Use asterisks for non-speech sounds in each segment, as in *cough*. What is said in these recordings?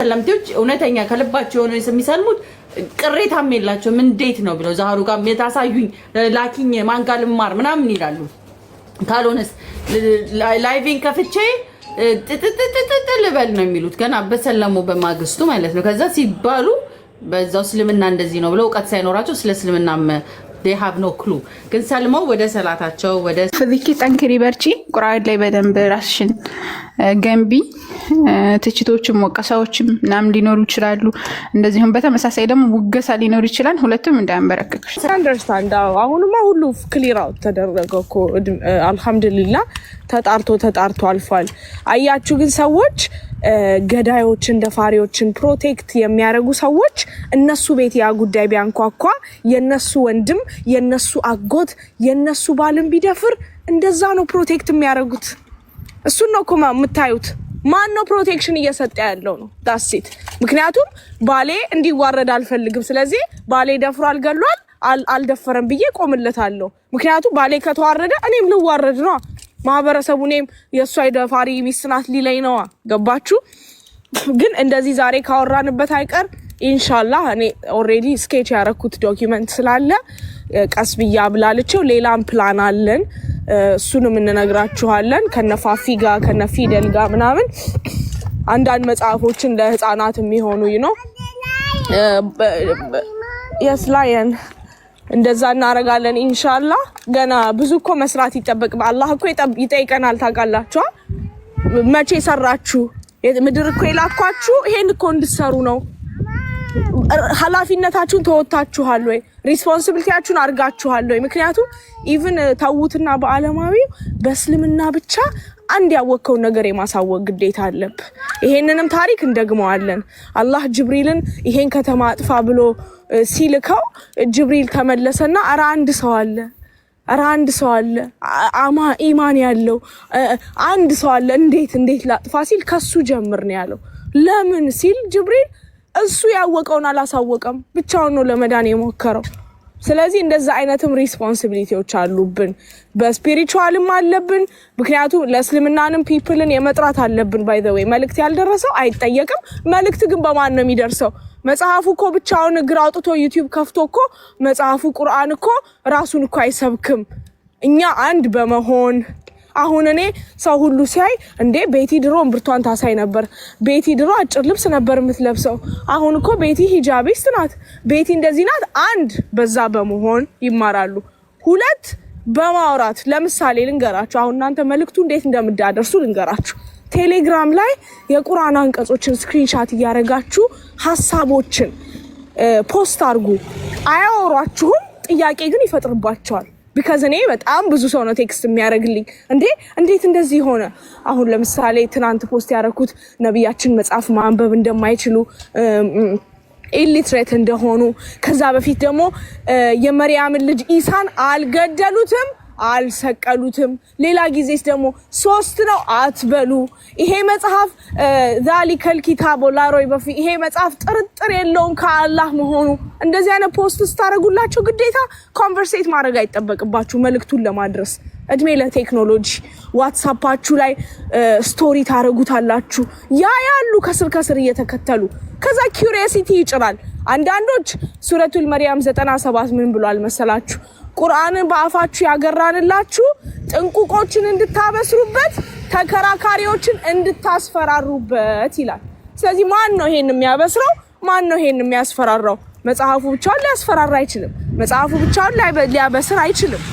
ሰላምቴዎች እውነተኛ ከልባቸው የሆነ የሚሰልሙት ቅሬታም የላቸውም። እንዴት ነው ብለው ዛሩ ጋር የታሳዩኝ ላኪኝ ማንጋ ልማር ምናምን ይላሉ። ካልሆነስ ላይቪን ከፍቼ ጥጥጥጥጥ ልበል ነው የሚሉት። ገና በሰለሙ በማግስቱ ማለት ነው። ከዛ ሲባሉ በዛው እስልምና እንደዚህ ነው ብለው እውቀት ሳይኖራቸው ስለ እስልምና ሀብ ኖ ክሉ ግን ሰልመው ወደ ሰላታቸው ወደ ፍዚኪ ጠንክሪ፣ በርቺ፣ ቁርአን ላይ በደንብ ራስሽን ገንቢ። ትችቶችም ወቀሳዎችም ምናምን ሊኖሩ ይችላሉ። እንደዚሁም በተመሳሳይ ደግሞ ውገሳ ሊኖር ይችላል። ሁለቱም እንዳያንበረክክሽ። አንደርስታንድ አሁንማ ሁሉ ክሊር አውት ተደረገ እኮ አልሐምድሊላ። ተጣርቶ ተጣርቶ አልፏል። አያችሁ ግን ሰዎች ገዳዮችን ደፋሪዎችን ፕሮቴክት የሚያደርጉ ሰዎች እነሱ ቤት ያ ጉዳይ ቢያንኳኳ የነሱ ወንድም የነሱ አጎት የነሱ ባልን ቢደፍር እንደዛ ነው ፕሮቴክት የሚያደርጉት። እሱን ነው እኮ የምታዩት። ማን ነው ፕሮቴክሽን እየሰጠ ያለው? ነው ዳሴት። ምክንያቱም ባሌ እንዲዋረድ አልፈልግም። ስለዚህ ባሌ ደፍሮ አልገሏል አልደፈረም ብዬ ቆምለታለሁ። ምክንያቱም ባሌ ከተዋረደ እኔም ልዋረድ ነዋ። ማህበረሰቡ እኔም የእሷ የደፋሪ ሚስት ናት ሊለኝ ነዋ። ገባችሁ? ግን እንደዚህ ዛሬ ካወራንበት አይቀር ኢንሻላ እኔ ኦሬዲ ስኬች ያረኩት ዶኪመንት ስላለ ቀስ ብያ ብላለችው። ሌላም ፕላን አለን። እሱንም እንነግራችኋለን ከነፋፊ ጋር ከነፊደል ጋር ምናምን አንዳንድ መጽሐፎችን ለህፃናት የሚሆኑ ይኖ የስ ላየን እንደዛ እናደርጋለን። ኢንሻላ ገና ብዙ እኮ መስራት ይጠበቅ። አላህ እኮ ይጠይቀናል። ታውቃላችኋ መቼ ሰራችሁ? ምድር እኮ የላኳችሁ ይሄን እኮ እንድትሰሩ ነው ኃላፊነታችሁን ተወጥታችኋል ወይ? ሪስፖንሲቢሊቲያችሁን አድርጋችኋል ወይ? ምክንያቱም ኢቭን ተዉትና uh, በአለማዊ በእስልምና ብቻ አንድ ያወቅከውን ነገር የማሳወቅ ግዴታ አለብ ይሄንንም ታሪክ እንደግመዋለን። አላህ ጅብሪልን ይሄን ከተማ አጥፋ ብሎ uh, ሲልከው ጅብሪል ተመለሰና አረ አንድ ሰው አለ ኧረ አንድ ሰው አለ ኢማን ያለው አንድ ሰው አለ፣ እንዴት እንዴት ላጥፋ ሲል ከሱ ጀምር ነው ያለው። ለምን ሲል ጅብሪል እሱ ያወቀውን አላሳወቀም፣ ብቻውን ነው ለመዳን የሞከረው። ስለዚህ እንደዛ አይነትም ሪስፖንሲቢሊቲዎች አሉብን፣ በስፒሪቹዋልም አለብን። ምክንያቱም ለእስልምናንም ፒፕልን የመጥራት አለብን። ባይ ዘ ወይ መልእክት ያልደረሰው አይጠየቅም። መልእክት ግን በማን ነው የሚደርሰው? መጽሐፉ እኮ ብቻውን እግር አውጥቶ ዩቲዩብ ከፍቶ እኮ መጽሐፉ ቁርአን እኮ ራሱን እኮ አይሰብክም። እኛ አንድ በመሆን አሁን እኔ ሰው ሁሉ ሲያይ እንዴ ቤቲ ድሮ እምብርቷን ታሳይ ነበር፣ ቤቲ ድሮ አጭር ልብስ ነበር የምትለብሰው፣ አሁን እኮ ቤቲ ሂጃቢስት ናት፣ ቤቲ እንደዚህ ናት። አንድ በዛ በመሆን ይማራሉ። ሁለት በማውራት ለምሳሌ ልንገራችሁ። አሁን እናንተ መልእክቱ እንዴት እንደምዳደርሱ ልንገራችሁ። ቴሌግራም ላይ የቁርአን አንቀጾችን ስክሪንሻት እያደረጋችሁ ሀሳቦችን ፖስት አድርጉ። አያወሯችሁም፣ ጥያቄ ግን ይፈጥርባቸዋል። ቢካዝ እኔ በጣም ብዙ ሰው ነው ቴክስት የሚያደርግልኝ። እንዴ እንዴት እንደዚህ ሆነ? አሁን ለምሳሌ ትናንት ፖስት ያደረኩት ነቢያችን መጽሐፍ ማንበብ እንደማይችሉ ኢሊትሬት እንደሆኑ ከዛ በፊት ደግሞ የመሪያምን ልጅ ኢሳን አልገደሉትም አልሰቀሉትም። ሌላ ጊዜስ ደግሞ ሶስት ነው አትበሉ። ይሄ መጽሐፍ ዛሊከል ኪታቦ ላሮይ በፊ ይሄ መጽሐፍ ጥርጥር የለውም ከአላህ መሆኑ። እንደዚህ አይነት ፖስት ስታደርጉላቸው ግዴታ ኮንቨርሴት ማድረግ አይጠበቅባችሁ መልእክቱን ለማድረስ እድሜ ለቴክኖሎጂ ዋትሳፓችሁ ላይ ስቶሪ ታደረጉታላችሁ። ያ ያሉ ከስር ከስር እየተከተሉ ከዛ ኪሪሲቲ ይጭራል። አንዳንዶች ሱረቱል መርያም ዘጠና ሰባት ምን ብሏል መሰላችሁ? ቁርአንን በአፋችሁ ያገራንላችሁ ጥንቁቆችን እንድታበስሩበት፣ ተከራካሪዎችን እንድታስፈራሩበት ይላል። ስለዚህ ማን ነው ይሄን የሚያበስረው? ማን ነው ይሄን የሚያስፈራራው? መጽሐፉ ብቻውን ሊያስፈራራ አይችልም። መጽሐፉ ብቻውን ሊያበስር አይችልም።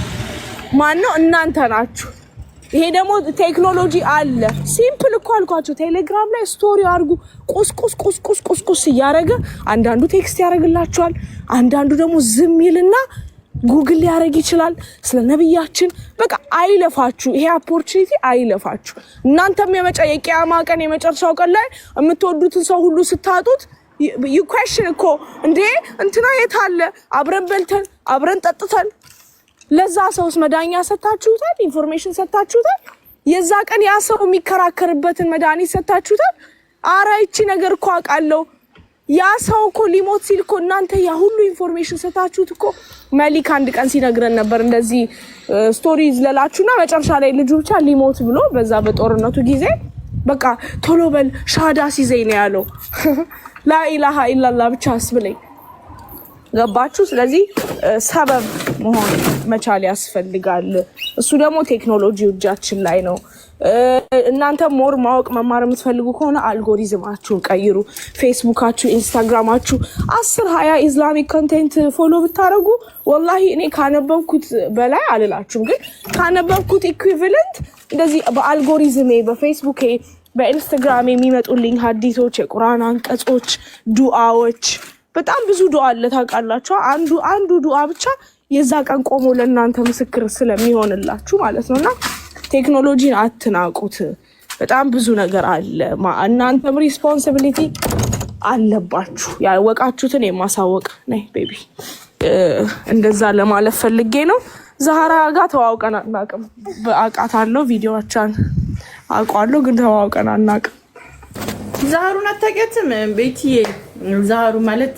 ማን ነው? እናንተ ናችሁ። ይሄ ደግሞ ቴክኖሎጂ አለ። ሲምፕል እኮ አልኳቸው። ቴሌግራም ላይ ስቶሪ አድርጉ። ቁስቁስ ቁስቁስ ቁስቁስ እያደረገ አንዳንዱ ቴክስት ያደርግላችኋል፣ አንዳንዱ ደግሞ ዝም ይልና ጉግል ሊያደርግ ይችላል። ስለ ነቢያችን በቃ አይለፋችሁ፣ ይሄ ኦፖርቹኒቲ አይለፋችሁ። እናንተም የመጫ የቅያማ ቀን የመጨረሻው ቀን ላይ የምትወዱትን ሰው ሁሉ ስታጡት ይኳሽን እኮ እንዴ እንትና የት አለ? አብረን በልተን አብረን ጠጥተን ለዛ ሰውስ መዳኛ ሰታችሁታል? ኢንፎርሜሽን ሰታችሁታል? የዛ ቀን ያ ሰው የሚከራከርበትን መድኃኒት ሰታችሁታል? አራይቺ ነገር እኮ አውቃለሁ ያ ሰው እኮ ሊሞት ሲል እኮ እናንተ ያ ሁሉ ኢንፎርሜሽን ሰታችሁት እኮ መሊክ አንድ ቀን ሲነግረን ነበር። እንደዚህ ስቶሪ ዝለላችሁና መጨረሻ ላይ ልጁ ብቻ ሊሞት ብሎ በዛ በጦርነቱ ጊዜ በቃ ቶሎ በል ሻዳ ሲዘኝ ነው ያለው። *laughs* ላኢላሃ ኢላላ ብቻ አስብለኝ። ገባችሁ? ስለዚህ ሰበብ መሆን መቻል ያስፈልጋል። እሱ ደግሞ ቴክኖሎጂ እጃችን ላይ ነው። እናንተ ሞር ማወቅ መማር የምትፈልጉ ከሆነ አልጎሪዝማችሁን ቀይሩ። ፌስቡካችሁ፣ ኢንስታግራማችሁ አስር ሀያ ኢስላሚክ ኮንቴንት ፎሎ ብታደረጉ ወላሂ እኔ ካነበብኩት በላይ አልላችሁም፣ ግን ካነበብኩት ኢኩቪለንት እንደዚህ በአልጎሪዝሜ በፌስቡኬ በኢንስታግራም የሚመጡልኝ ሀዲቶች፣ የቁርአን አንቀጾች፣ ዱአዎች በጣም ብዙ ዱአ አለ ታውቃላችሁ። አንዱ አንዱ ዱአ ብቻ የዛ ቀን ቆሞ ለእናንተ ምስክር ስለሚሆንላችሁ ማለት ነው እና ቴክኖሎጂን አትናቁት። በጣም ብዙ ነገር አለ። እናንተም ሪስፖንሲቢሊቲ አለባችሁ ያወቃችሁትን የማሳወቅ ነይ ቤቢ እንደዛ ለማለፍ ፈልጌ ነው። ዛህራ ጋር ተዋውቀን አናቅም። አውቃታለሁ፣ ቪዲዮዎቿን አውቃለሁ፣ ግን ተዋውቀን አናቅም። ዛህሩን አታውቂያትም ቤትዬ? ዛሩ ማለት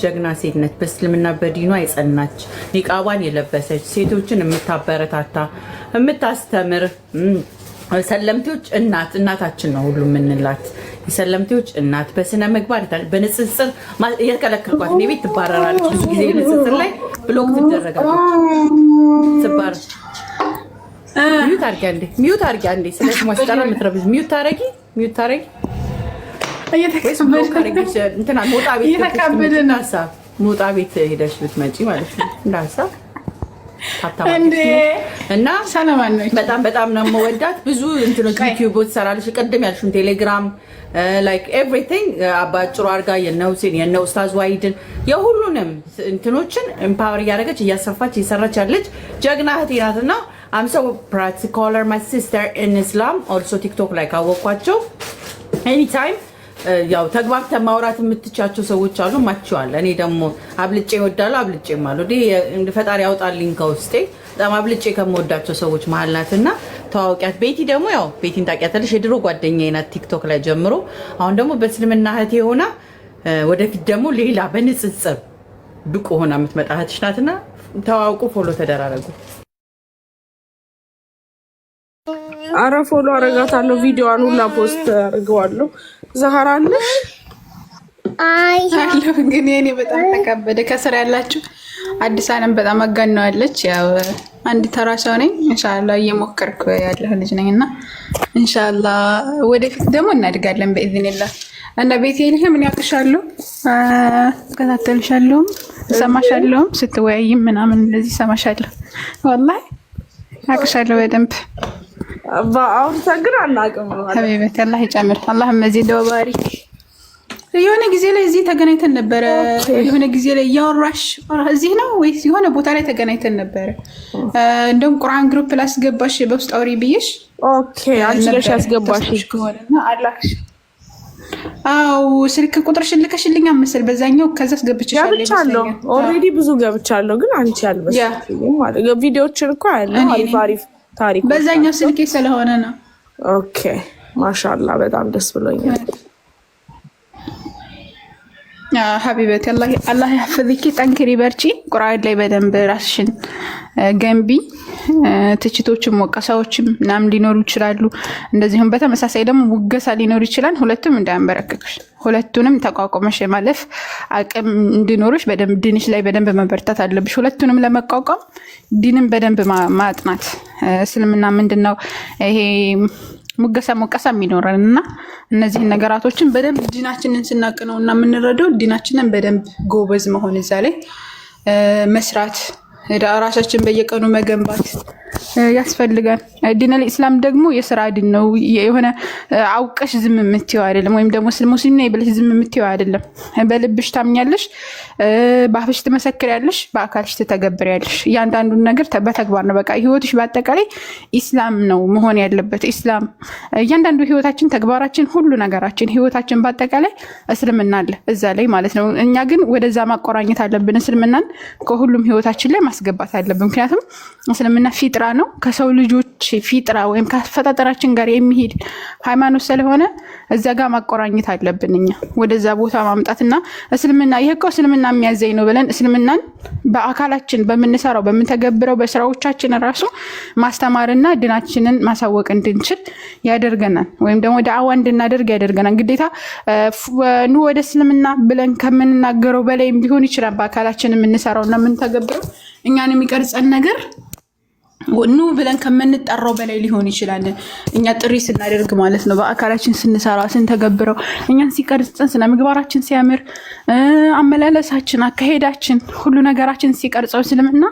ጀግና ሴት ነች። በእስልምና በዲኗ የጸናች ኒቃቧን የለበሰች ሴቶችን የምታበረታታ የምታስተምር ሰለምቴዎች እናት እናታችን ነው ሁሉ የምንላት የሰለምቴዎች እናት በስነ ምግባር በንጽጽር የከለከልኳት እኔ ቤት ትባረራለች። ብዙ ጊዜ ንጽጽር ላይ ብሎክ ትደረጋለች። ሚዩት አርጊ አንዴ፣ ሚዩት አርጊ አንዴ። ስለዚህ ማስጠራ ምትረብሽ ሚዩት ታረጊ፣ ሚዩት ታረጊ እየተቀበልን ሀሳብ ሞጣ ቤት ሄደሽ ብትመጪ ማለት ነው እንደ ሀሳብ እና በጣም በጣም ነው የምወዳት። ብዙ እንትኖች ዩቲዩብ ትሰራለች። ቅድም ያልሽውን ቴሌግራም ላይክ ኤቭሪቲንግ አባጭሩ አድርጋ የነ ሁሴን የነ ኡስታዝ ዋሂድን የሁሉንም እንትኖችን ኤምፓወር እያደረገች እያሰፋች እየሰራች ያለች ጀግና እህቴ ናት እና አም ሶ ፕራክቲካለር ማይ ሲስተር ኢን ኢስላም ኦልሶ ቲክቶክ ላይ ካወቅኳቸው ኤኒታይም ያው ተግባብተን ማውራት የምትቻቸው ሰዎች አሉ፣ ማቸዋል። እኔ ደግሞ አብልጬ እወዳለሁ፣ አብልጬ ማሉ እንደ ፈጣሪ ያውጣልኝ ከውስጤ። በጣም አብልጬ ከምወዳቸው ሰዎች መሀል ናት እና ተዋውቂያት። ቤቲ ደግሞ ያው ቤቲን ታውቂያታለሽ፣ የድሮ ጓደኛ ናት፣ ቲክቶክ ላይ ጀምሮ። አሁን ደግሞ በእስልምና እህቴ ሆና ወደፊት ደግሞ ሌላ በንጽጽር ብቁ ሆና የምትመጣ እህትሽ ናትና ተዋውቁ፣ ፎሎ ተደራረጉ። አረ ፎሎ አረጋታለሁ። ቪዲዮዋን ሁላ ፖስት አድርገዋለሁ። ዛህራ አለሽ አለሁ። ግን የኔ በጣም ተካበደ። ከስራ ያላችሁ አዲስ አለም በጣም አጋነዋለች። ያው አንድ ተራ ሰው ነኝ። እንሻላ እየሞከርኩ ያለሁ ልጅ ነኝ እና እንሻላ ወደፊት ደግሞ እናድጋለን በኢዝኒላ እና ቤቴልህ ምን ያውቅሻለሁ፣ ትከታተልሻለሁም፣ እሰማሻለሁም ስትወያይም ምናምን እንደዚህ እሰማሻለሁ። ወላሂ ያውቅሻለሁ በደንብ አሁን ግን አናውቅም። ሀቢበት አላህ ይጨምር። አላህም እዚህ እንደው ባሪክ የሆነ ጊዜ ላይ እዚህ ተገናኝተን ነበረ። የሆነ ጊዜ ላይ እያወራሽ እዚህ ነው ወይስ የሆነ ቦታ ላይ ተገናኝተን ነበረ። እንደውም ቁርአን ግሩፕ ላስገባሽ በውስጥ አውሪ ብዬሽ አንችለሽ ያስገባሽ ከሆነና አላክሽ። አዎ ስልክ ቁጥርሽን ልከሽልኝ መሰል በዛኛው። ከዛ አስገብቻለሁ። ኦልሬዲ ብዙ ገብቻለሁ፣ ግን አንቺ ያልበስ ቪዲዮዎችን እኮ ያለ አሪፍ አሪፍ ታሪኩ በዛኛው ስልኬ ስለሆነ ነው። ኦኬ ማሻላ በጣም ደስ ብሎኛል። ሀቢበት አላህ ያፈዝኪ፣ ጠንክሪ፣ በርቺ። ቁርአን ላይ በደንብ ራስሽን ገንቢ። ትችቶችም ወቀሳዎችም ምናምን ሊኖሩ ይችላሉ። እንደዚሁም በተመሳሳይ ደግሞ ውገሳ ሊኖር ይችላል። ሁለቱም እንዳያንበረክክሽ፣ ሁለቱንም ተቋቁመሽ የማለፍ አቅም እንዲኖርሽ በደንብ ድንሽ ላይ በደንብ መበርታት አለብሽ። ሁለቱንም ለመቋቋም ዲንም በደንብ ማጥናት እስልምና ምንድን ነው ይሄ ሙገሳ ሞቀሳ የሚኖረን እና እነዚህን ነገራቶችን በደንብ ዲናችንን ስናቅ ነው እና የምንረዳው ዲናችንን በደንብ ጎበዝ መሆን እዛ ላይ መስራት ራሳችን በየቀኑ መገንባት ያስፈልጋል። ዲነል ኢስላም ደግሞ የስራ ድን ነው። የሆነ አውቀሽ ዝም የምትይው አይደለም፣ ወይም ደግሞ ሙስሊም ነኝ ብለሽ ዝም የምትይው አይደለም። በልብሽ ታምኛለሽ፣ በአፍሽ ትመሰክሪያለሽ፣ በአካልሽ ትተገብሪያለሽ። እያንዳንዱን ነገር በተግባር ነው። በቃ ህይወትሽ በአጠቃላይ ኢስላም ነው መሆን ያለበት። ኢስላም እያንዳንዱ ህይወታችን፣ ተግባራችን፣ ሁሉ ነገራችን፣ ህይወታችን በአጠቃላይ እስልምና አለ እዛ ላይ ማለት ነው። እኛ ግን ወደዛ ማቆራኘት አለብን። እስልምናን ከሁሉም ህይወታችን ላይ ማስገባት አለብን። ምክንያቱም እስልምና ፊጥራ ነው፣ ከሰው ልጆች ፊጥራ ወይም ከአፈጣጠራችን ጋር የሚሄድ ሃይማኖት ስለሆነ እዛ ጋር ማቆራኘት አለብን። እኛ ወደዛ ቦታ ማምጣትና እስልምና ይህ እኮ እስልምና የሚያዘኝ ነው ብለን እስልምናን በአካላችን በምንሰራው በምንተገብረው በስራዎቻችን ራሱ ማስተማርና ድናችንን ማሳወቅ እንድንችል ያደርገናል። ወይም ደግሞ ዳዕዋ እንድናደርግ ያደርገናል። ግዴታ ኑ ወደ እስልምና ብለን ከምንናገረው በላይም ሊሆን ይችላል በአካላችን የምንሰራውና የምንተገብረው እኛን የሚቀርጸን ነገር ኑ ብለን ከምንጠራው በላይ ሊሆን ይችላል። እኛ ጥሪ ስናደርግ ማለት ነው፣ በአካላችን ስንሰራ ስንተገብረው፣ እኛን ሲቀርጽን፣ ስነ ምግባራችን ሲያምር፣ አመላለሳችን፣ አካሄዳችን፣ ሁሉ ነገራችን ሲቀርጸው እስልምና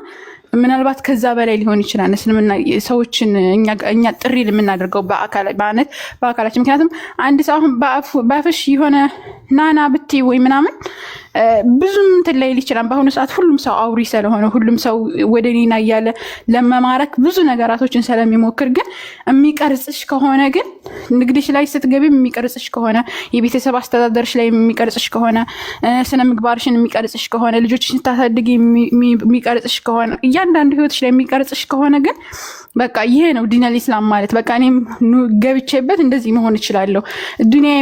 ምናልባት ከዛ በላይ ሊሆን ይችላል። እስልምና ሰዎችን እኛ ጥሪ የምናደርገው በአነት በአካላችን ምክንያቱም አንድ ሰው አሁን በአፍሽ የሆነ ናና ብቴ ወይ ምናምን ብዙም እንትን ላይል ይችላል። በአሁኑ ሰዓት ሁሉም ሰው አውሪ ስለሆነ ሁሉም ሰው ወደ እኔና እያለ ለመማረክ ብዙ ነገራቶችን ስለሚሞክር ግን የሚቀርጽሽ ከሆነ ግን ንግድሽ ላይ ስትገቢ የሚቀርጽሽ ከሆነ የቤተሰብ አስተዳደርሽ ላይ የሚቀርጽሽ ከሆነ ስነ ምግባርሽን የሚቀርጽሽ ከሆነ ልጆችሽን ስታሳድግ የሚቀርጽሽ ከሆነ እያንዳንዱ ህይወትሽ ላይ የሚቀርጽሽ ከሆነ ግን በቃ ይሄ ነው ዲነል ኢስላም ማለት በቃ እኔም ገብቼበት እንደዚህ መሆን እችላለሁ ዱኒያ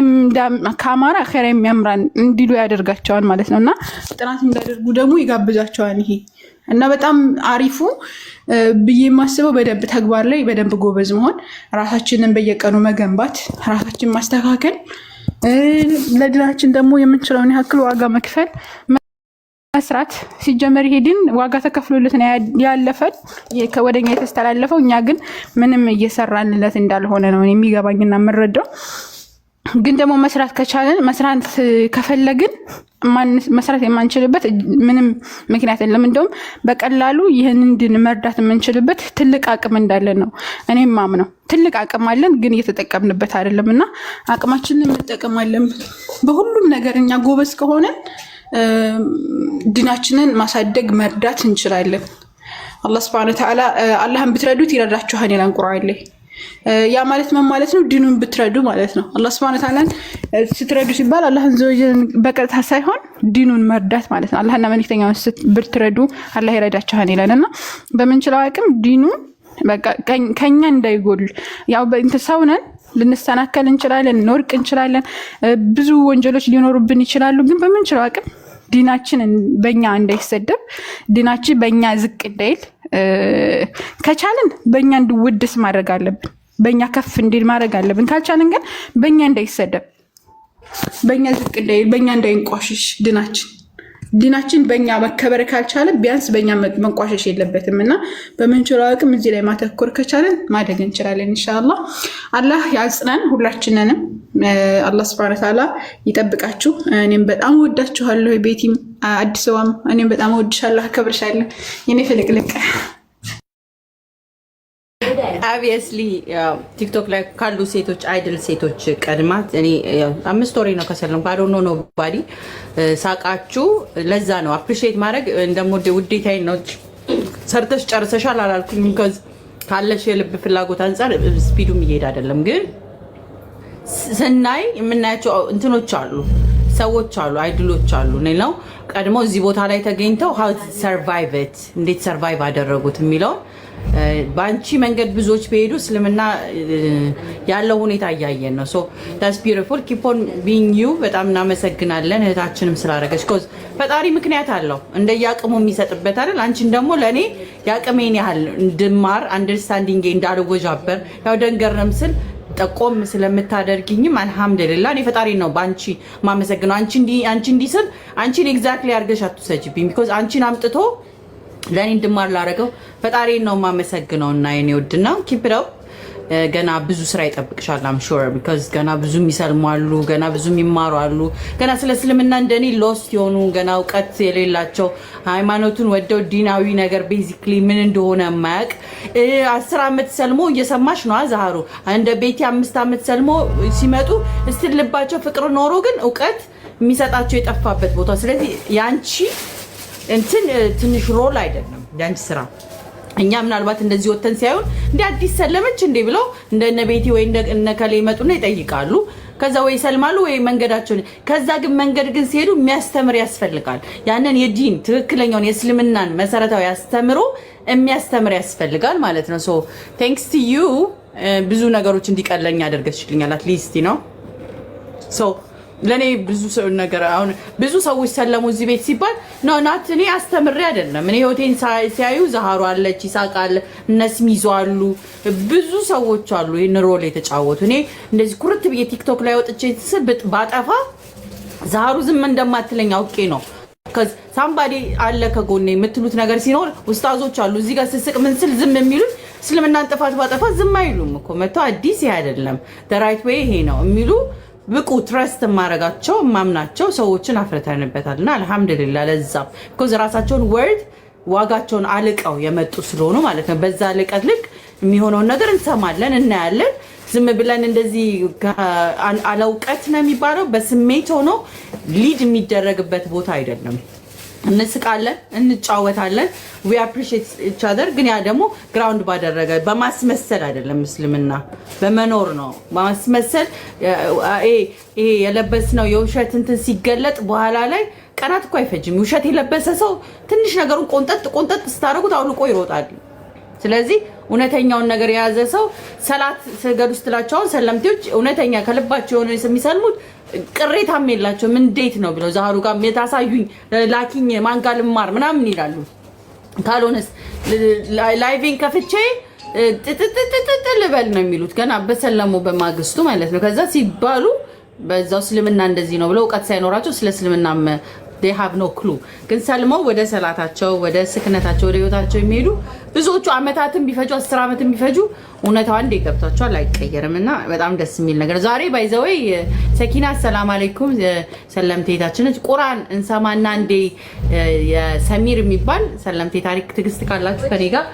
ከአማራ ከራ የሚያምራን እንዲሉ ያደርጋቸዋል ማለት ማለት ነው። እና ጥናት እንዳደርጉ ደግሞ ይጋብዛቸዋል ይሄ እና በጣም አሪፉ ብዬ የማስበው በደንብ ተግባር ላይ በደንብ ጎበዝ መሆን፣ ራሳችንን በየቀኑ መገንባት፣ ራሳችን ማስተካከል፣ ለድናችን ደግሞ የምንችለውን ያክል ዋጋ መክፈል መስራት ሲጀመር ሄድን ዋጋ ተከፍሎለት ነው ያለፈን ወደኛ የተስተላለፈው። እኛ ግን ምንም እየሰራንለት እንዳልሆነ ነው የሚገባኝና የምንረዳው። ግን ደግሞ መስራት ከቻለን መስራት ከፈለግን መስራት የማንችልበት ምንም ምክንያት የለም። እንደውም በቀላሉ ይህን እንድን መርዳት የምንችልበት ትልቅ አቅም እንዳለን ነው እኔም ማምነው። ትልቅ አቅም አለን፣ ግን እየተጠቀምንበት አይደለም እና አቅማችንን እንጠቀማለን። በሁሉም ነገር እኛ ጎበዝ ከሆነን ድናችንን ማሳደግ መርዳት እንችላለን። አላህ ስብሐነ ተዓላ አላህን ብትረዱት ይረዳችኋል ይላል ቁርአን ላይ ያ ማለት ምን ማለት ነው? ዲኑን ብትረዱ ማለት ነው። አላህ ስብሐነ ተዓላን ስትረዱ ሲባል አላህን ዘወጀን በቀጥታ ሳይሆን ዲኑን መርዳት ማለት ነው። አላህና መልክተኛውን ብትረዱ አላህ ይረዳችኋል ይላል እና በምንችለው አቅም ዲኑ ከኛ እንዳይጎል ያው ሰው ነን። ልንሰናከል እንችላለን፣ እንወርቅ እንችላለን፣ ብዙ ወንጀሎች ሊኖሩብን ይችላሉ። ግን በምንችለው አቅም ዲናችን በኛ እንዳይሰደብ፣ ዲናችን በኛ ዝቅ እንዳይል ከቻልን በእኛ እንዲወደስ ማድረግ አለብን። በእኛ ከፍ እንዲል ማድረግ አለብን። ካልቻልን ግን በእኛ እንዳይሰደብ፣ በእኛ ዝቅ እንዳይል፣ በእኛ እንዳይንቋሽሽ ድናችን ዲናችን በእኛ መከበር ካልቻለ ቢያንስ በእኛ መንቋሸሽ የለበትም እና በምንችለው አቅም እዚህ ላይ ማተኮር ከቻለን ማደግ እንችላለን። ኢንሻላህ አላህ ያጽናን ሁላችንንም። አላህ ስብሐነ ተዓላ ይጠብቃችሁ። እኔም በጣም ወዳችኋለሁ። ቤቲም አዲስዋም እኔም በጣም ወድሻለሁ፣ አከብርሻለሁ የኔ ፍልቅልቅ አብየስሊ ቲክቶክ ላይ ካሉ ሴቶች አይድል ሴቶች ቀድማት እኔ አምስት ወሬ ነው ከሰለም ካዶ ኖ ኖ ባዲ ሳቃችሁ። ለዛ ነው አፕሪሺየት ማድረግ እንደሞደ ውዴታዬን ነው። ሰርተሽ ጨርሰሻል አላልኩኝም። ካለሽ የልብ ፍላጎት አንጻር ስፒዱም እየሄድ አይደለም፣ ግን ስናይ የምናያቸው እንትኖች አሉ ሰዎች አሉ አይድሎች አሉ ነው ቀድሞ እዚህ ቦታ ላይ ተገኝተው ሀው ሰርቫይቭ እንዴት ሰርቫይቭ አደረጉት የሚለውን በአንቺ መንገድ ብዙዎች በሄዱ እስልምና ያለው ሁኔታ እያየን ነው። ሶ ታስ ቢዩቲፉል ኪፕ ቢንግ ዩ። በጣም እናመሰግናለን እህታችንም ስላደረገች። ኮዝ ፈጣሪ ምክንያት አለው እንደ እንደየአቅሙ የሚሰጥበት አይደል። አንቺን ደግሞ ለእኔ የአቅሜን ያህል እንድማር አንደርስታንዲንግ እንዳልወዣበር ያው ደንገርም ስል ጠቆም ስለምታደርግኝም አልሐምድልላ እኔ ፈጣሪ ነው በአንቺ ማመሰግነው። አንቺ እንዲህ አንቺን ኤግዛክትሊ አድርገሽ አትሰጅብኝ ቢኮዝ አንቺን አምጥቶ ለእኔ እንድማር ላረገው ፈጣሪ ነው የማመሰግነው። እና የኔ ውድና ኪፕረው ገና ብዙ ስራ ይጠብቅሻል። አም ሹር ቢካዝ ገና ብዙ የሚሰልሙ አሉ፣ ገና ብዙ የሚማሩ አሉ። ገና ስለ እስልምና እንደኔ ሎስት የሆኑ ገና እውቀት የሌላቸው ሃይማኖቱን ወደው ዲናዊ ነገር ቤዚክሊ ምን እንደሆነ የማያውቅ አስር ዓመት ሰልሞ እየሰማሽ ነው ዛሃሩ እንደ ቤቴ አምስት ዓመት ሰልሞ ሲመጡ እስትልባቸው ፍቅር ኖሮ ግን እውቀት የሚሰጣቸው የጠፋበት ቦታ ስለዚህ ያንቺ እንትን ትንሽ ሮል አይደለም ያንቺ ስራ። እኛ ምናልባት እንደዚህ ወተን ሲያዩን እንደ አዲስ ሰለመች እንዴ ብለው እንደ ቤቲ ወይ እነ ከሌ ይመጡና ይጠይቃሉ። ከዛ ወይ ይሰልማሉ ወይ መንገዳቸውን። ከዛ ግን መንገድ ግን ሲሄዱ የሚያስተምር ያስፈልጋል። ያንን የዲን ትክክለኛውን የእስልምናን መሰረታዊ አስተምሮ የሚያስተምር ያስፈልጋል ማለት ነው። ሶ ቴንክስ ቱ ዩ ብዙ ነገሮች እንዲቀለኝ አደርገችልኛል። አትሊስት ነው ሶ ለእኔ ብዙ ነገር አሁን ብዙ ሰዎች ሰለሙ እዚህ ቤት ሲባል ነው ናት። እኔ አስተምሬ አይደለም። እኔ ህይወቴን ሲያዩ ዛሃሩ አለች፣ ይሳቅ አለ፣ እነስም ይዟሉ። ብዙ ሰዎች አሉ ይህን ሮል የተጫወቱ። እኔ እንደዚህ ኩርት ብዬ ቲክቶክ ላይ ወጥቼ ስብጥ ባጠፋ ዛሃሩ ዝም እንደማትለኝ አውቄ ነው። ሳምባዲ አለ ከጎኔ የምትሉት ነገር ሲኖር ውስታዞች አሉ እዚህ ጋር ስስቅ ምን ስል ዝም የሚሉት እስልምናን ጥፋት ባጠፋ ዝም አይሉም እኮ መጥተው አዲስ ይሄ አይደለም ራይት ወይ ይሄ ነው የሚሉ ብቁ ትረስት ማረጋቸው የማምናቸው ሰዎችን አፍርተንበታል እና አልሐምዱሊላ ለዛ ቢኮዝ ራሳቸውን ወርድ ዋጋቸውን አልቀው የመጡ ስለሆኑ ማለት ነው። በዛ ልቀት ልክ የሚሆነውን ነገር እንሰማለን፣ እናያለን። ዝም ብለን እንደዚህ አለውቀት ነው የሚባለው በስሜት ሆኖ ሊድ የሚደረግበት ቦታ አይደለም። እንስቃለን፣ እንጫወታለን። ዊ አፕሪሺየት ኢች አደር። ግን ያ ደግሞ ግራውንድ ባደረገ በማስመሰል አይደለም፣ ምስልምና በመኖር ነው። በማስመሰል ይሄ የለበስነው የውሸት እንትን ሲገለጥ በኋላ ላይ ቀናት እኮ አይፈጅም። ውሸት የለበሰ ሰው ትንሽ ነገሩን ቆንጠጥ ቆንጠጥ ስታደርጉት አውልቆ ይሮጣል። ስለዚህ እውነተኛውን ነገር የያዘ ሰው ሰላት ስገዱ ስትላቸው ሰለምቴዎች እውነተኛ ከልባቸው የሆነ የሚሰልሙት ቅሬታም የላቸውም። እንዴት ነው ብለው ዛሩ ጋር የታሳዩኝ ላኪኝ ማንጋ ልማር ምናምን ይላሉ። ካልሆነስ ላይቪን ከፍቼ ጥጥጥጥጥ ልበል ነው የሚሉት። ገና በሰለሙ በማግስቱ ማለት ነው። ከዛ ሲባሉ በዛው እስልምና እንደዚህ ነው ብለው እውቀት ሳይኖራቸው ስለ እስልምና ሀብ ኖ ክሉ ግን ሰልመው ወደ ሰላታቸው ወደ ስክነታቸው ወደ ህይወታቸው የሚሄዱ ብዙዎቹ አመታትን ቢፈጁ አስር ዓመትን ቢፈጁ እውነታው አንዴ ገብቷቸዋል፣ አይቀየርም። እና በጣም ደስ የሚል ነገር ዛሬ ባይዘወይ ሰኪና ሰላም አለይኩም ሰለምቴታችን ቁርአን እንሰማና እንዴ የሰሚር የሚባል ሰለምቴ ታሪክ ትግስት ካላችሁ ከኔ ጋር